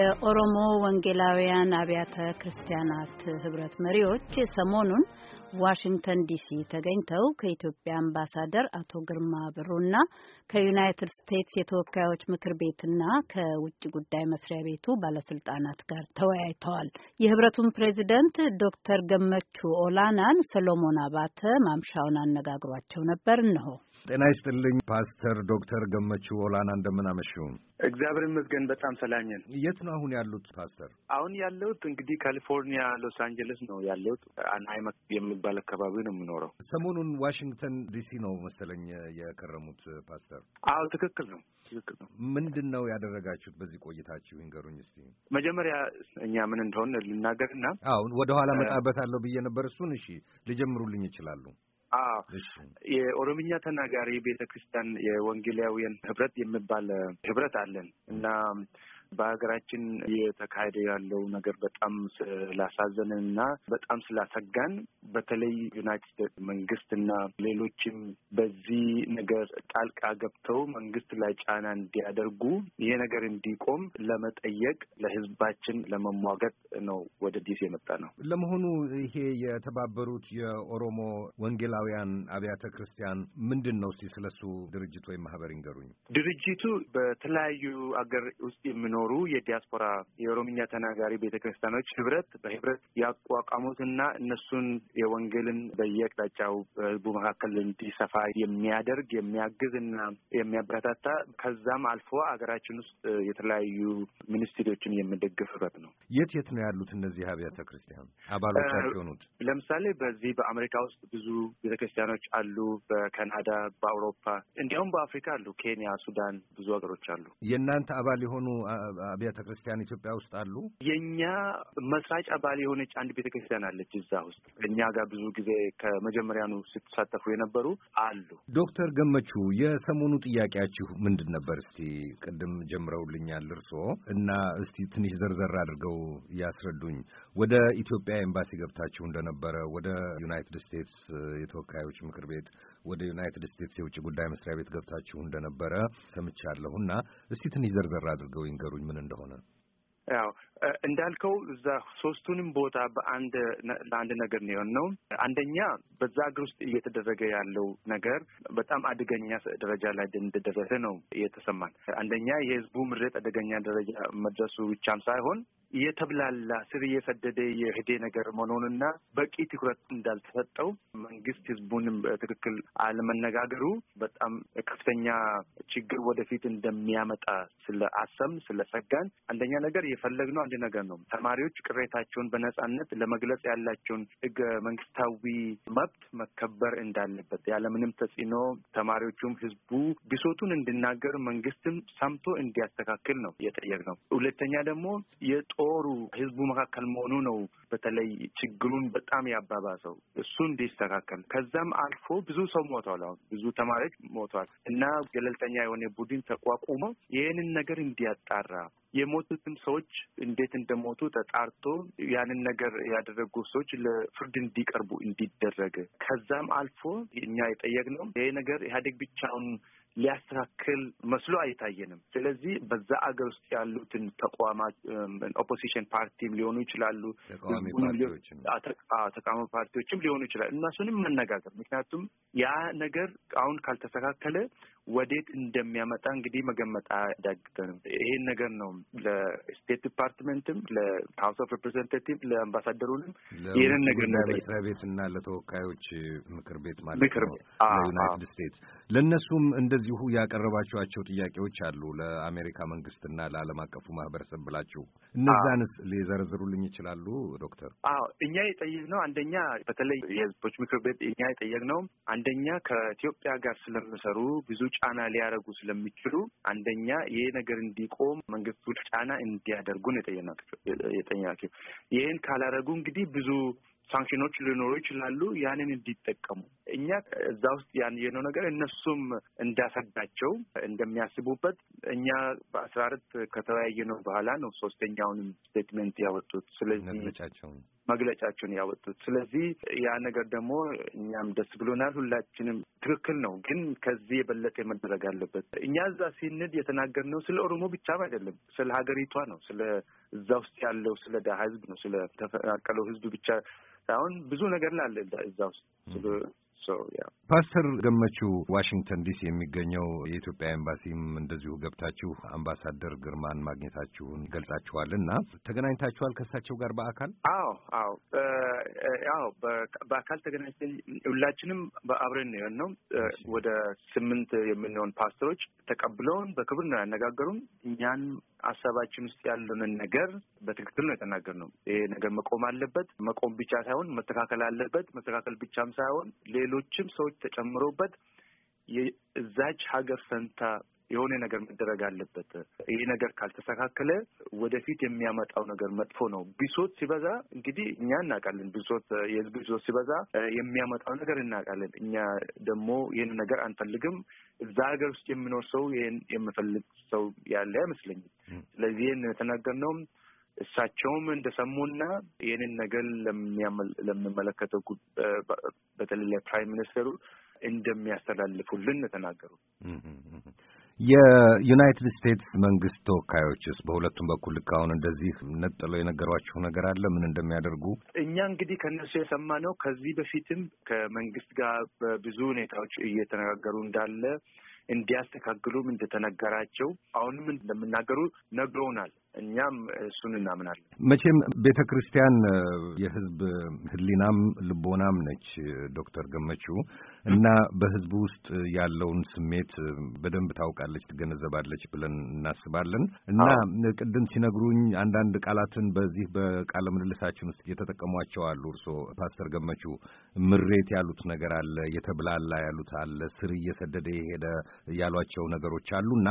የኦሮሞ ወንጌላውያን አብያተ ክርስቲያናት ህብረት መሪዎች ሰሞኑን ዋሽንግተን ዲሲ ተገኝተው ከኢትዮጵያ አምባሳደር አቶ ግርማ ብሩና ከዩናይትድ ስቴትስ የተወካዮች ምክር ቤትና ከውጭ ጉዳይ መስሪያ ቤቱ ባለስልጣናት ጋር ተወያይተዋል። የህብረቱን ፕሬዚደንት ዶክተር ገመቹ ኦላናን ሰሎሞን አባተ ማምሻውን አነጋግሯቸው ነበር። እንሆ ጤና ይስጥልኝ ፓስተር ዶክተር ገመቹ ኦላና እንደምን አመሹ? እግዚአብሔር ይመስገን በጣም ሰላኝን። የት ነው አሁን ያሉት ፓስተር? አሁን ያለሁት እንግዲህ ካሊፎርኒያ ሎስ አንጀለስ ነው ያለሁት። አናይም የሚባል አካባቢ ነው የምኖረው። ሰሞኑን ዋሽንግተን ዲሲ ነው መሰለኝ የከረሙት ፓስተር? አዎ ትክክል ነው ትክክል ነው። ምንድን ነው ያደረጋችሁት በዚህ ቆይታችሁ ይንገሩኝ እስቲ። መጀመሪያ እኛ ምን እንደሆን ልናገርና አሁን ወደኋላ መጣበታለሁ ብዬ ነበር። እሱን እሺ ሊጀምሩልኝ ይችላሉ? የኦሮምኛ ተናጋሪ ቤተ ክርስቲያን የወንጌላውያን ህብረት የሚባል ህብረት አለን እና በሀገራችን እየተካሄደ ያለው ነገር በጣም ስላሳዘንን እና በጣም ስላሰጋን በተለይ ዩናይትድ ስቴትስ መንግስት እና ሌሎችም በዚህ ነገር ጣልቃ ገብተው መንግስት ላይ ጫና እንዲያደርጉ ይሄ ነገር እንዲቆም ለመጠየቅ ለህዝባችን ለመሟገጥ ነው ወደ ዲሲ የመጣ ነው። ለመሆኑ ይሄ የተባበሩት የኦሮሞ ወንጌላውያን አብያተ ክርስቲያን ምንድን ነው? ስለሱ ድርጅት ወይም ማህበር ይንገሩኝ። ድርጅቱ በተለያዩ አገር ውስጥ የሚኖ የሚኖሩ የዲያስፖራ የኦሮምኛ ተናጋሪ ቤተክርስቲያኖች ህብረት በህብረት ያቋቋሙትና እነሱን የወንጌልን በየአቅጣጫው በህዝቡ መካከል እንዲሰፋ የሚያደርግ እና የሚያበረታታ ከዛም አልፎ ሀገራችን ውስጥ የተለያዩ ሚኒስትሪዎችን የምደግፍ ህብረት ነው። የት የት ነው ያሉት እነዚህ አብያተ ክርስቲያን አባሎቻቸው የሆኑት? ለምሳሌ በዚህ በአሜሪካ ውስጥ ብዙ ቤተክርስቲያኖች አሉ። በካናዳ፣ በአውሮፓ እንዲያውም በአፍሪካ አሉ። ኬንያ፣ ሱዳን ብዙ ሀገሮች አሉ። የእናንተ አባል የሆኑ አብያተ ክርስቲያን ኢትዮጵያ ውስጥ አሉ። የእኛ መስራጫ አባል የሆነች አንድ ቤተ ክርስቲያን አለች እዛ ውስጥ እኛ ጋር ብዙ ጊዜ ከመጀመሪያኑ ስትሳተፉ የነበሩ አሉ። ዶክተር ገመቹ የሰሞኑ ጥያቄያችሁ ምንድን ነበር? እስቲ ቅድም ጀምረውልኛል እርስዎ እና እስቲ ትንሽ ዘርዘር አድርገው ያስረዱኝ። ወደ ኢትዮጵያ ኤምባሲ ገብታችሁ እንደነበረ፣ ወደ ዩናይትድ ስቴትስ የተወካዮች ምክር ቤት ወደ ዩናይትድ ስቴትስ የውጭ ጉዳይ መስሪያ ቤት ገብታችሁ እንደነበረ ሰምቻለሁና እስቲ ትንሽ ዘርዘር አድርገው ይንገሩኝ ምን እንደሆነ። ያው እንዳልከው እዛ ሶስቱንም ቦታ በአንድ ለአንድ ነገር ነው የሆነው። አንደኛ በዛ ሀገር ውስጥ እየተደረገ ያለው ነገር በጣም አደገኛ ደረጃ ላይ እንደደረሰ ነው የተሰማን። አንደኛ የህዝቡ ምሬት አደገኛ ደረጃ መድረሱ ብቻም ሳይሆን የተብላላ ስር እየሰደደ የህዴ ነገር መሆኑንና በቂ ትኩረት እንዳልተሰጠው መንግስት ህዝቡንም በትክክል አለመነጋገሩ በጣም ከፍተኛ ችግር ወደፊት እንደሚያመጣ ስለ አሰም ስለ ሰጋን አንደኛ ነገር የፈለግነው አንድ ነገር ነው። ተማሪዎች ቅሬታቸውን በነጻነት ለመግለጽ ያላቸውን ህገ መንግስታዊ መብት መከበር እንዳለበት ያለምንም ተጽዕኖ ተማሪዎቹም ህዝቡ ብሶቱን እንዲናገር መንግስትም ሰምቶ እንዲያስተካክል ነው የጠየቅነው። ሁለተኛ ደግሞ የጦ ጦሩ ህዝቡ መካከል መሆኑ ነው በተለይ ችግሩን በጣም ያባባሰው። እሱ እንዲስተካከል ከዛም አልፎ ብዙ ሰው ሞቷል። አሁን ብዙ ተማሪዎች ሞቷል እና ገለልተኛ የሆነ ቡድን ተቋቁሞ ይህንን ነገር እንዲያጣራ የሞቱትም ሰዎች እንዴት እንደሞቱ ተጣርቶ ያንን ነገር ያደረጉ ሰዎች ለፍርድ እንዲቀርቡ እንዲደረግ ከዛም አልፎ እኛ የጠየቅነው ይሄ ነገር ኢህአዴግ ብቻውን ሊያስተካክል መስሎ አይታየንም። ስለዚህ በዛ አገር ውስጥ ያሉትን ተቋማት ኦፖዚሽን ፓርቲም ሊሆኑ ይችላሉ፣ ተቃዋሚ ፓርቲዎችም ሊሆኑ ይችላሉ። እነሱንም መነጋገር ምክንያቱም ያ ነገር አሁን ካልተስተካከለ ወዴት እንደሚያመጣ እንግዲህ መገመጥ አያዳግተንም። ይሄን ነገር ነው ለስቴት ዲፓርትመንትም፣ ለሀውስ ኦፍ ሪፕሬዘንታቲቭ፣ ለአምባሳደሩንም ይህንን ነገር ነው ለመስሪያ ቤት እና ለተወካዮች ምክር ቤት ማለት ነው ለዩናይትድ ስቴትስ ለእነሱም እንደዚሁ ያቀረባችኋቸው ጥያቄዎች አሉ ለአሜሪካ መንግስትና ለዓለም አቀፉ ማህበረሰብ ብላችሁ እነዛንስ ሊዘረዝሩልኝ ይችላሉ ዶክተር? አዎ እኛ የጠየቅነው አንደኛ በተለይ የህዝቦች ምክር ቤት እኛ የጠየቅነው አንደኛ ከኢትዮጵያ ጋር ስለምሰሩ ብዙ ጫና ሊያደርጉ ስለሚችሉ አንደኛ ይሄ ነገር እንዲቆም መንግስቱ ጫና እንዲያደርጉን የጠየናቸው ይህን ካላደረጉ እንግዲህ ብዙ ሳንክሽኖች ሊኖሩ ይችላሉ። ያንን እንዲጠቀሙ እኛ እዛ ውስጥ ያየነው ነገር እነሱም እንዳሰዳቸው እንደሚያስቡበት እኛ በአስራ አራት ከተወያየነው በኋላ ነው ሶስተኛውንም ስቴትመንት ያወጡት። ስለዚህ መግለጫቸውን ያወጡት። ስለዚህ ያ ነገር ደግሞ እኛም ደስ ብሎናል። ሁላችንም ትክክል ነው፣ ግን ከዚህ የበለጠ መደረግ አለበት። እኛ እዛ ሲንድ የተናገርነው ስለ ኦሮሞ ብቻም አይደለም፣ ስለ ሀገሪቷ ነው ስለ እዛ ውስጥ ያለው ስለ ድሀ ህዝብ ነው፣ ስለ ተፈናቀለው ህዝብ ብቻ ሳይሆን ብዙ ነገር ላለ እዛ ውስጥ ፓስተር ገመቹ ዋሽንግተን ዲሲ የሚገኘው የኢትዮጵያ ኤምባሲም እንደዚሁ ገብታችሁ አምባሳደር ግርማን ማግኘታችሁን ገልጻችኋል እና ተገናኝታችኋል ከእሳቸው ጋር በአካል? አዎ አዎ ያው በአካል ተገናኝተን ሁላችንም በአብረን ነው የሆነው። ወደ ስምንት የምንሆን ፓስተሮች ተቀብለውን በክብር ነው ያነጋገሩን። እኛን ሀሳባችን ውስጥ ያለንን ነገር በትክክል ነው የተናገርነው። ይሄ ነገር መቆም አለበት። መቆም ብቻ ሳይሆን መተካከል አለበት። መተካከል ብቻም ሳይሆን ሌሎችም ሰዎች ተጨምሮበት የዛች ሀገር ፈንታ የሆነ ነገር መደረግ አለበት። ይሄ ነገር ካልተስተካከለ ወደፊት የሚያመጣው ነገር መጥፎ ነው። ብሶት ሲበዛ እንግዲህ እኛ እናውቃለን። ብሶት የህዝብ ብሶት ሲበዛ የሚያመጣው ነገር እናውቃለን። እኛ ደግሞ ይህን ነገር አንፈልግም። እዛ ሀገር ውስጥ የሚኖር ሰው ይህን የምፈልግ ሰው ያለ አይመስለኝም። ስለዚህ ይህን የተናገርነውም እሳቸውም እንደሰሙና ይህንን ነገር ለሚመለከተው በተለይ ለፕራይም ሚኒስትሩ እንደሚያስተላልፉልን ተናገሩ። የዩናይትድ ስቴትስ መንግስት ተወካዮችስ በሁለቱም በኩል ልክ አሁን እንደዚህ ነጥለው የነገሯችሁ ነገር አለ? ምን እንደሚያደርጉ? እኛ እንግዲህ ከእነሱ የሰማነው ከዚህ በፊትም ከመንግስት ጋር በብዙ ሁኔታዎች እየተነጋገሩ እንዳለ እንዲያስተካክሉም እንደተነገራቸው አሁንም እንደሚናገሩ ነግረውናል። እኛም እሱን እናምናለን። መቼም ቤተ ክርስቲያን የህዝብ ህሊናም ልቦናም ነች ዶክተር ገመቹ እና በህዝቡ ውስጥ ያለውን ስሜት በደንብ ታውቃለች፣ ትገነዘባለች ብለን እናስባለን እና ቅድም ሲነግሩኝ አንዳንድ ቃላትን በዚህ በቃለ ምልልሳችን ውስጥ የተጠቀሟቸው አሉ እርስዎ ፓስተር ገመቹ ምሬት ያሉት ነገር አለ፣ የተብላላ ያሉት አለ፣ ስር እየሰደደ የሄደ ያሏቸው ነገሮች አሉ እና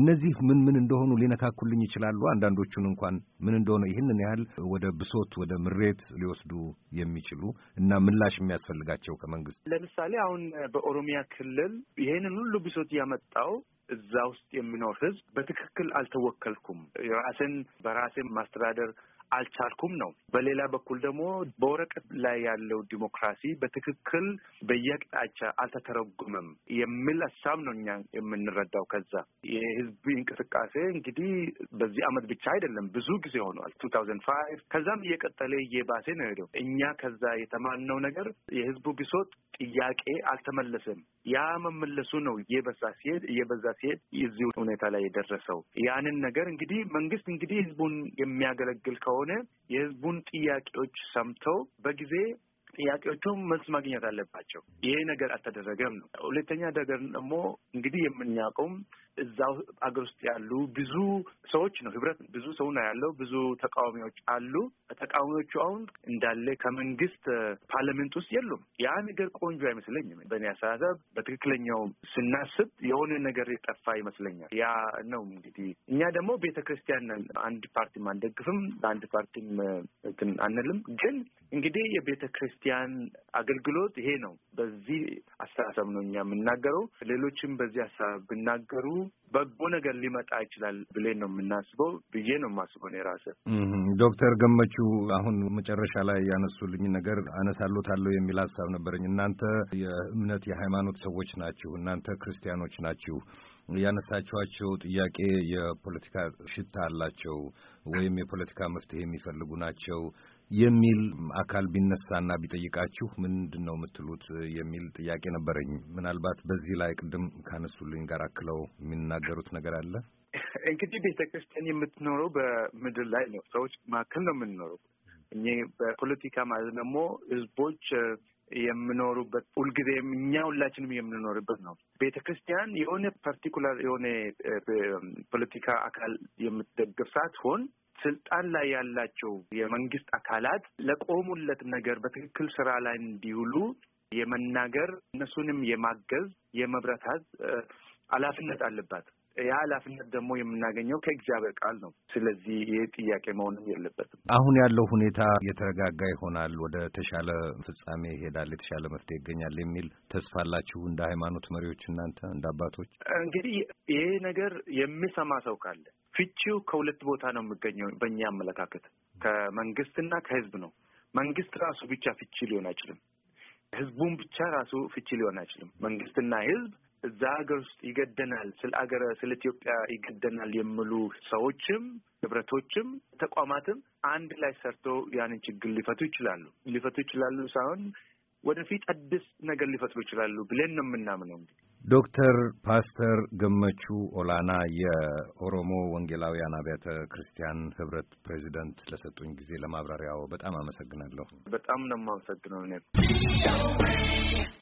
እነዚህ ምን ምን እንደሆኑ ሊነካኩልኝ ይችላሉ? አንዳንዶቹን እንኳን ምን እንደሆነ ይህንን ያህል ወደ ብሶት ወደ ምሬት ሊወስዱ የሚችሉ እና ምላሽ የሚያስፈልጋቸው ከመንግስት ለምሳሌ አሁን በኦሮሚያ ክልል ይህንን ሁሉ ብሶት ያመጣው እዛ ውስጥ የሚኖር ህዝብ በትክክል አልተወከልኩም፣ ራሴን በራሴ ማስተዳደር አልቻልኩም ነው። በሌላ በኩል ደግሞ በወረቀት ላይ ያለው ዲሞክራሲ በትክክል በየአቅጣጫ አልተተረጉምም የሚል ሀሳብ ነው እኛ የምንረዳው። ከዛ የህዝብ እንቅስቃሴ እንግዲህ በዚህ አመት ብቻ አይደለም ብዙ ጊዜ ሆኗል። ቱ ታውዘንድ ፋይቭ ከዛም እየቀጠለ እየባሴ ነው ሄደው። እኛ ከዛ የተማንነው ነገር የህዝቡ ብሶት ጥያቄ አልተመለሰም። ያ መመለሱ ነው እየበዛ ሲሄድ እየበዛ ሲሄድ የዚህ ሁኔታ ላይ የደረሰው ያንን ነገር እንግዲህ መንግስት እንግዲህ ህዝቡን የሚያገለግል ከሆነ ከሆነ የህዝቡን ጥያቄዎች ሰምተው በጊዜ ጥያቄዎቹም መልስ ማግኘት አለባቸው። ይሄ ነገር አልተደረገም ነው። ሁለተኛ ነገር ደግሞ እንግዲህ የምናውቀውም እዛው አገር ውስጥ ያሉ ብዙ ሰዎች ነው ህብረት ብዙ ሰው ነው ያለው። ብዙ ተቃዋሚዎች አሉ። ተቃዋሚዎቹ አሁን እንዳለ ከመንግስት ፓርላመንት ውስጥ የሉም። ያ ነገር ቆንጆ አይመስለኝም። በእኔ አስተሳሰብ በትክክለኛው ስናስብ የሆነ ነገር የጠፋ ይመስለኛል። ያ ነው እንግዲህ እኛ ደግሞ ቤተ ክርስቲያን ነን። አንድ ፓርቲም አንደግፍም፣ በአንድ ፓርቲም እንትን አንልም። ግን እንግዲህ የቤተ ክርስቲያን አገልግሎት ይሄ ነው። በዚህ አስተሳሰብ ነው እኛ የምናገረው። ሌሎችም በዚህ አስተሳሰብ ብናገሩ በጎ ነገር ሊመጣ ይችላል ብሌን ነው የምናስበው ብዬ ነው የማስበው እኔ ራሴ። ዶክተር ገመቹ አሁን መጨረሻ ላይ ያነሱልኝ ነገር አነሳሎታለሁ የሚል ሀሳብ ነበረኝ። እናንተ የእምነት የሃይማኖት ሰዎች ናችሁ፣ እናንተ ክርስቲያኖች ናችሁ። ያነሳችኋቸው ጥያቄ የፖለቲካ ሽታ አላቸው ወይም የፖለቲካ መፍትሄ የሚፈልጉ ናቸው የሚል አካል ቢነሳና ቢጠይቃችሁ ምንድን ነው የምትሉት የሚል ጥያቄ ነበረኝ። ምናልባት በዚህ ላይ ቅድም ካነሱልኝ ጋር አክለው የሚናገሩት ነገር አለ። እንግዲህ ቤተ ክርስቲያን የምትኖረው በምድር ላይ ነው፣ ሰዎች መካከል ነው የምንኖረው። እኔ በፖለቲካ ማለት ደግሞ ህዝቦች የምኖሩበት ሁልጊዜ እኛ ሁላችንም የምንኖርበት ነው። ቤተ ክርስቲያን የሆነ ፓርቲኩላር የሆነ ፖለቲካ አካል የምትደግፍ ሳትሆን ስልጣን ላይ ያላቸው የመንግስት አካላት ለቆሙለት ነገር በትክክል ስራ ላይ እንዲውሉ የመናገር እነሱንም የማገዝ የመብረታት ኃላፊነት አለባት። ያ ኃላፊነት ደግሞ የምናገኘው ከእግዚአብሔር ቃል ነው። ስለዚህ ይህ ጥያቄ መሆንም የለበትም። አሁን ያለው ሁኔታ የተረጋጋ ይሆናል፣ ወደ ተሻለ ፍጻሜ ይሄዳል፣ የተሻለ መፍትሄ ይገኛል የሚል ተስፋ አላችሁ እንደ ሃይማኖት መሪዎች እናንተ እንደ አባቶች? እንግዲህ ይሄ ነገር የሚሰማ ሰው ካለ ፍቺው ከሁለት ቦታ ነው የሚገኘው። በእኛ አመለካከት ከመንግስትና ከህዝብ ነው። መንግስት ራሱ ብቻ ፍቺ ሊሆን አይችልም። ህዝቡን ብቻ ራሱ ፍቺ ሊሆን አይችልም። መንግስትና ህዝብ እዛ ሀገር ውስጥ ይገደናል፣ ስለ አገረ ስለ ኢትዮጵያ ይገደናል የሚሉ ሰዎችም ህብረቶችም ተቋማትም አንድ ላይ ሰርቶ ያንን ችግር ሊፈቱ ይችላሉ። ሊፈቱ ይችላሉ ሳይሆን ወደፊት አዲስ ነገር ሊፈጥሩ ይችላሉ ብለን ነው የምናምነው። እንግዲህ ዶክተር ፓስተር ገመቹ ኦላና የኦሮሞ ወንጌላውያን አብያተ ክርስቲያን ህብረት ፕሬዚደንት ለሰጡኝ ጊዜ ለማብራሪያው በጣም አመሰግናለሁ። በጣም ነው የማመሰግነው እኔ